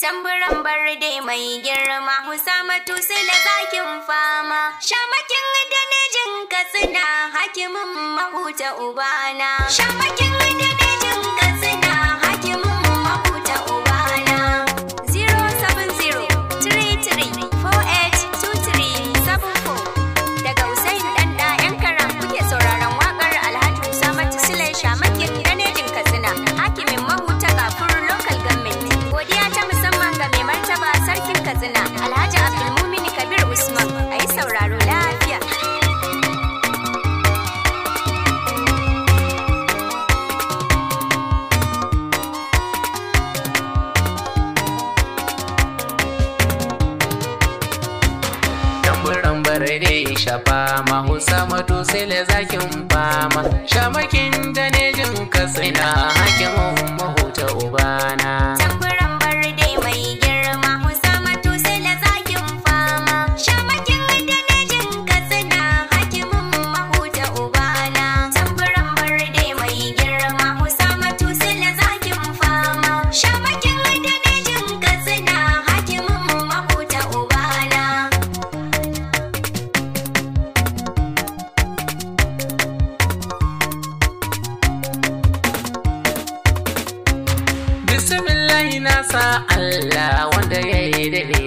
Tamburan barde mai girma su da zakin fama Shamakin da jin katsina hakimin mahuta ubana Shamakin Samadu sile zakin fama, shamakin da nejin katsina. bismillahi na sa Allah wanda ya yi daɗe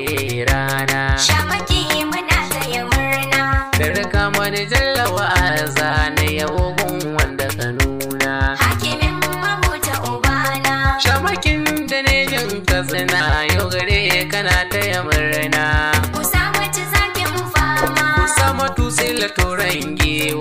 rana. Shamaki muna tsaye murna. Da raka mani jallawa a zane ya ogun wanda ka nuna. Hakimin mabuta ubana. Shamakin da ne jin katsina yau gare kana taya murna. Ku samu ci zaki mu fama. Ku samu tusi la turangi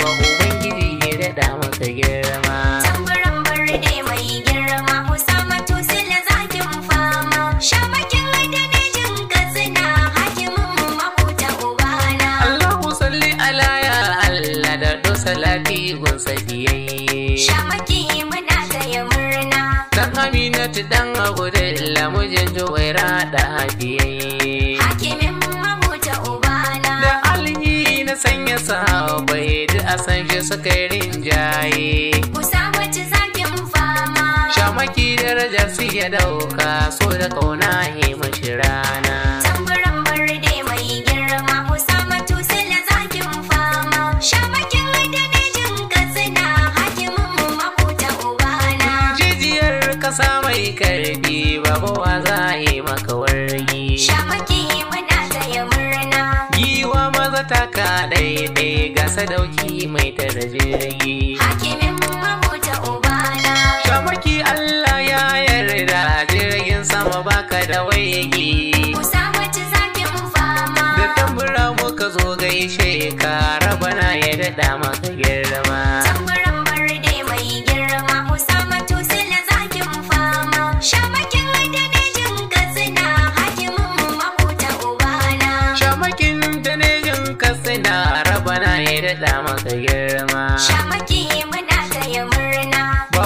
sadiyayye shamaki muna taya murna dan aminatu dan agudai lamujin juwaira da hafiyayye hakimin mahuta ubana da alihi na sanya sahabai duk a san shi suka rinjaye ku samu ci zakin fama shamaki daraja su ya dauka so da kauna ya mashi rana kowa za a yi maka wargi shamaki muna taya murna giwa maza ta ka ɗaiɗai ga sadauki mai tara jirgi hakimin ta ubana shamaki allah ya yarda jirgin sama baka da waigi ku samu ci zaki mu fama da tambura muka zo gaishe ka rabana ya daɗa maka girma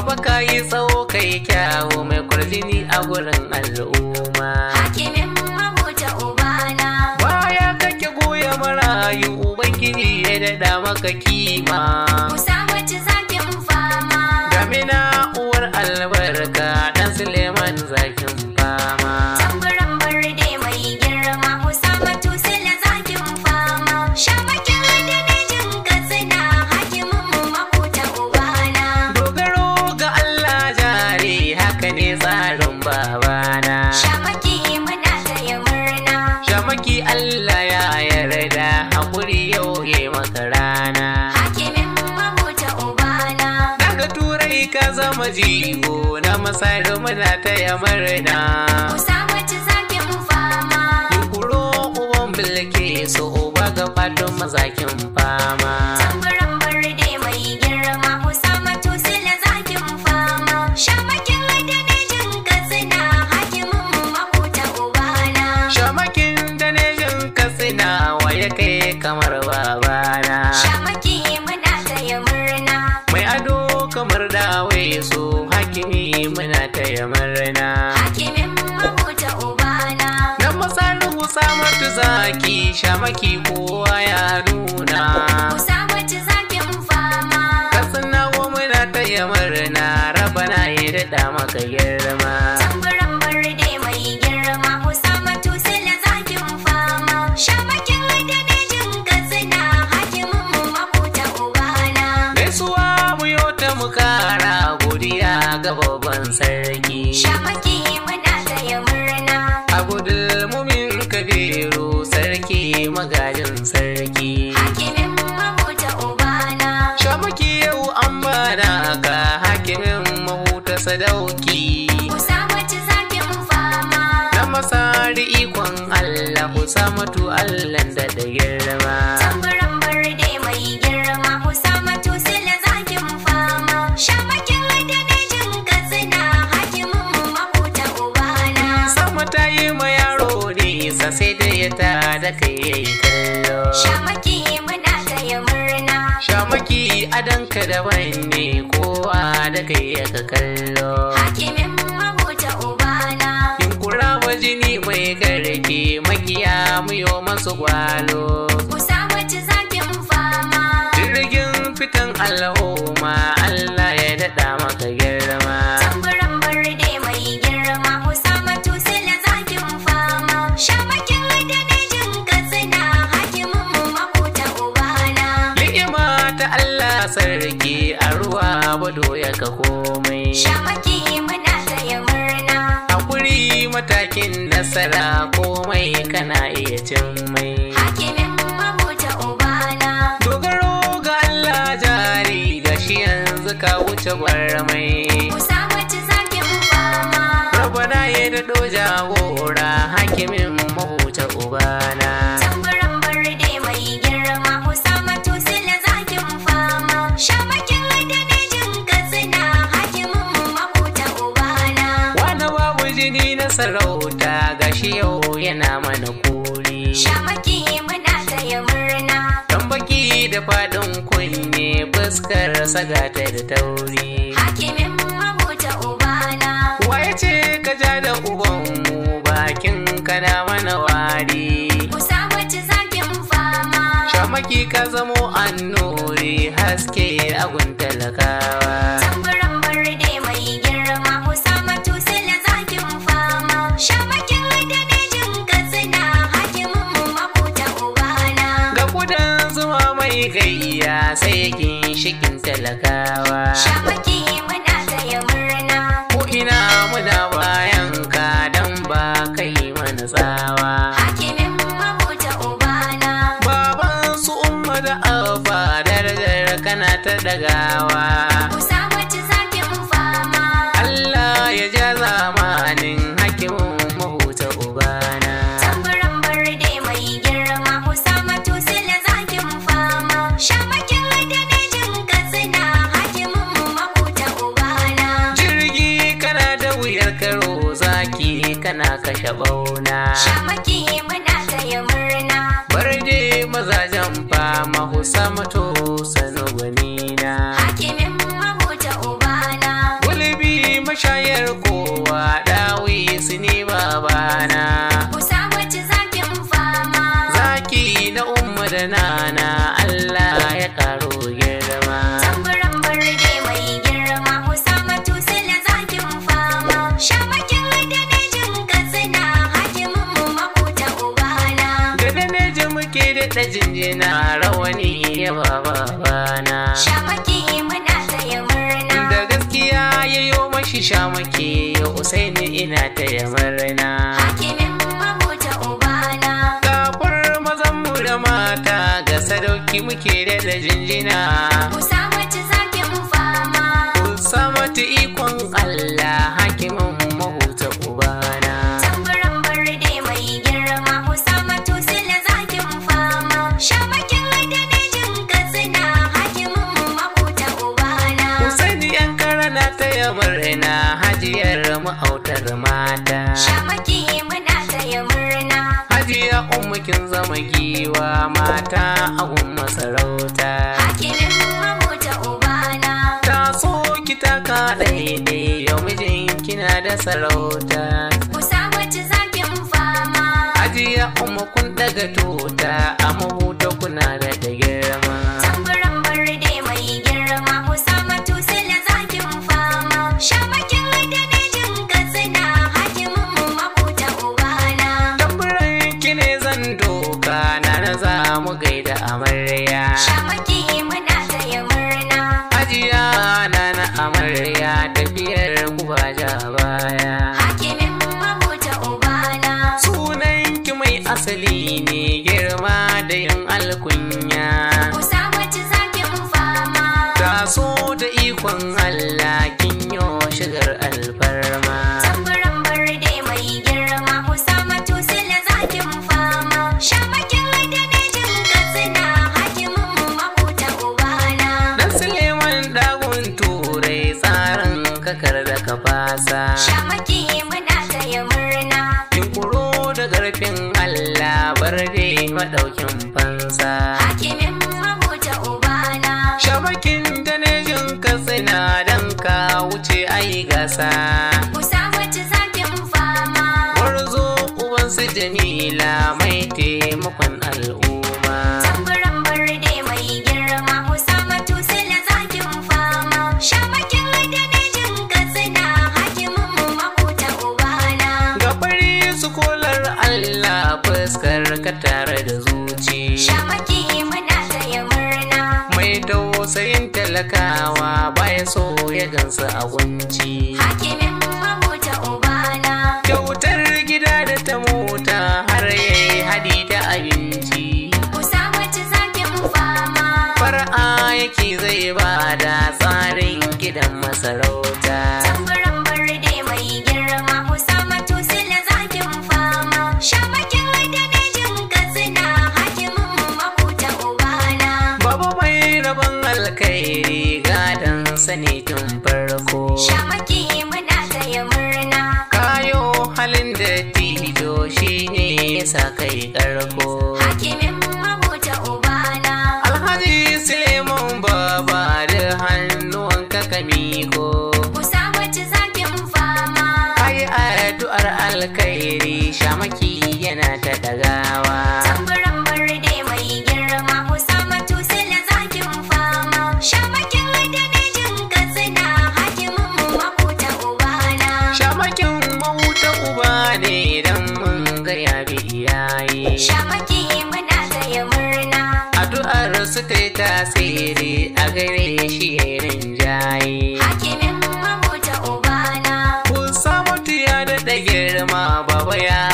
Baba ka yi tsawo kai kyawo mai kwarjini a gurin al'umma. Hakimin mahuta ubana. Baya kake goya marayu Ubangiji ya daɗa maka kima. majigo na masaru muna taya murna. Kusa wacce zaki mu fama. Yukuro uban bilke so uba ga fatan mazakin fama. shamaki kowa ya nuna kusa mace zakin fama kasan na goma ta yi murna raba na yi daɗa maka girma sadauki Usamatu zaki fama Na masari ikon Allah Usamatu Allah da da girma Tambaran bar dai mai girma Usamatu sila zaki fama Shamakin da na jin Hakimin mu makuta ubana Sama ta yi ma yaro sa sai da ya tada kai yayi kallo Shamakin shamaki adanka daban ne kowa da kai ya kallo hakimin mahuta ubana yunkura wa jini mai garke makiya muyo masu gwalo sarki a ruwa Bado ya ka komai shamaki muna taya murna hakuri matakin nasara komai kana iya cin mai hakimin mamuta ubana dogaro ga Allah jari ga shi yanzu ka wuce gwarmai Rabana ya daɗo jagora hakimin mamuta ubana. sarauta gashi yau yana mana kuri. Shamaki muna taya murna. Tambaki da faɗin kunne fuskar sagata da tauri. Hakimin mabuta ubana. Waye ce ka ja da ubanmu bakin kana mana wari. Shamaki ka zamo annori haske agun talakawa. gayya sai kin shikin talakawa. Shamaki muna taya murna. Ko ina muna bayan ka dan ba kai mana tsawa. Hakimin mabuta ubana. Baban su umma da alfa darajar kana ta dagawa. da bauna shamaki muna ta yi murna barde mazajen fama husa mutu kuke daɗa jinjina rawani baba babana shamaki muna taya murna da gaskiya ya mashi shamaki ya usaini ina taya murna hakimin mamuta ubana kafar mazan mu da mata ga sadauki muke daɗa jinjina ku samu ya murna hajiyar ma'autar mata. Shamaki muna taya murna. Hajiya umma kin zama giwa mata a umma sarauta. Hakimin mabuta ubana. Ta so ki taka daidai yau mijin kina da sarauta. Ku samu ci zakin fama. Hajiya umma kun daga tota a mahuta kuna da asali ne ɗaukin fansa. Hakimin mabuta ubana. Shamakin da nejin katsina dan ka wuce ai gasa. Ku samu ci zakin fama. Warzo uban su Jamila mai taimakon al'umma. Tamburan birni mai girma ku samu tusila zakin fama. Shamakin da nejin katsina hakimin mabuta ubana. Gabari su kola Baiwar Allah fuskar ka tare da zuci. Shamaki muna taya murna. Mai tausayin talakawa bayan so ya gansa a kunci. Hakimin mabuta ubana. Kyautar gida da ta mota har yayi hadi da abinci. Ku samu fama. Far'a yake zai bada tsarin gidan masarau. addu'ar alkhairi shamaki yana ta dagawa tamburan barde mai girma usama tusila zakin fama shamakin danejin katsina hakimin mu mahuta ubana shamakin mahuta uba ne idan mun ga ya bi iyaye shamaki muna taya murna addu'ar su ta tasiri a gare shi yayi da girma baba ya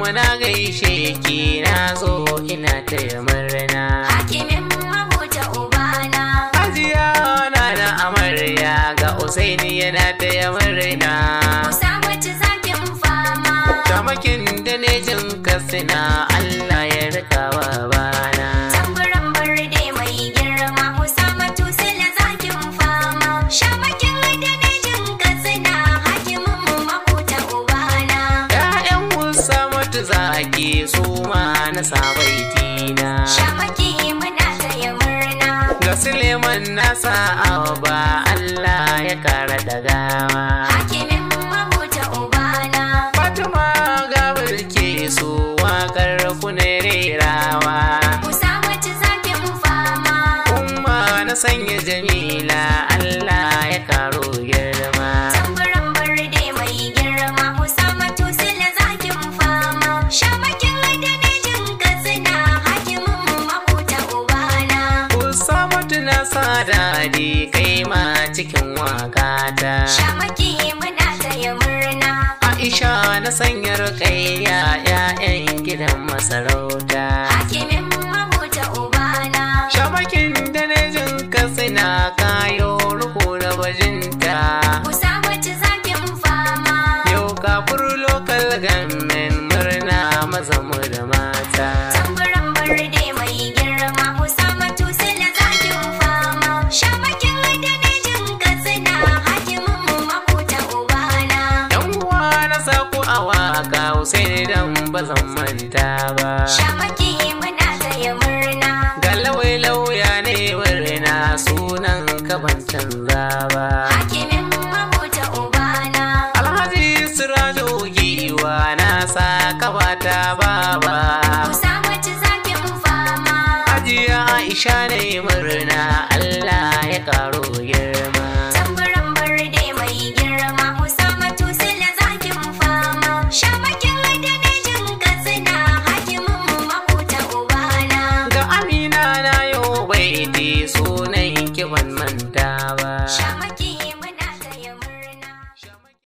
Muna na gaishe ki na zo ina taya murna. Hakimin mabuta ubana. Hajiya na na amarya ga Usaini yana taya murna. Ku samu zakin fama. Tamakin da ne kasina Allah ya rikawa bana. zaki su ma na sabaiti na shamaki muna taya murna ga Suleiman nasa ba Allah ya kara dagawa sarauta hakimin mahuta ubana shamakin da na ka kayo ruku na bajinta ku samu ci zakin fama yau kafur lokal gan ba zan manta ba shamaki muna taya murna ga lauya ne wurina sunan ka ban canza ba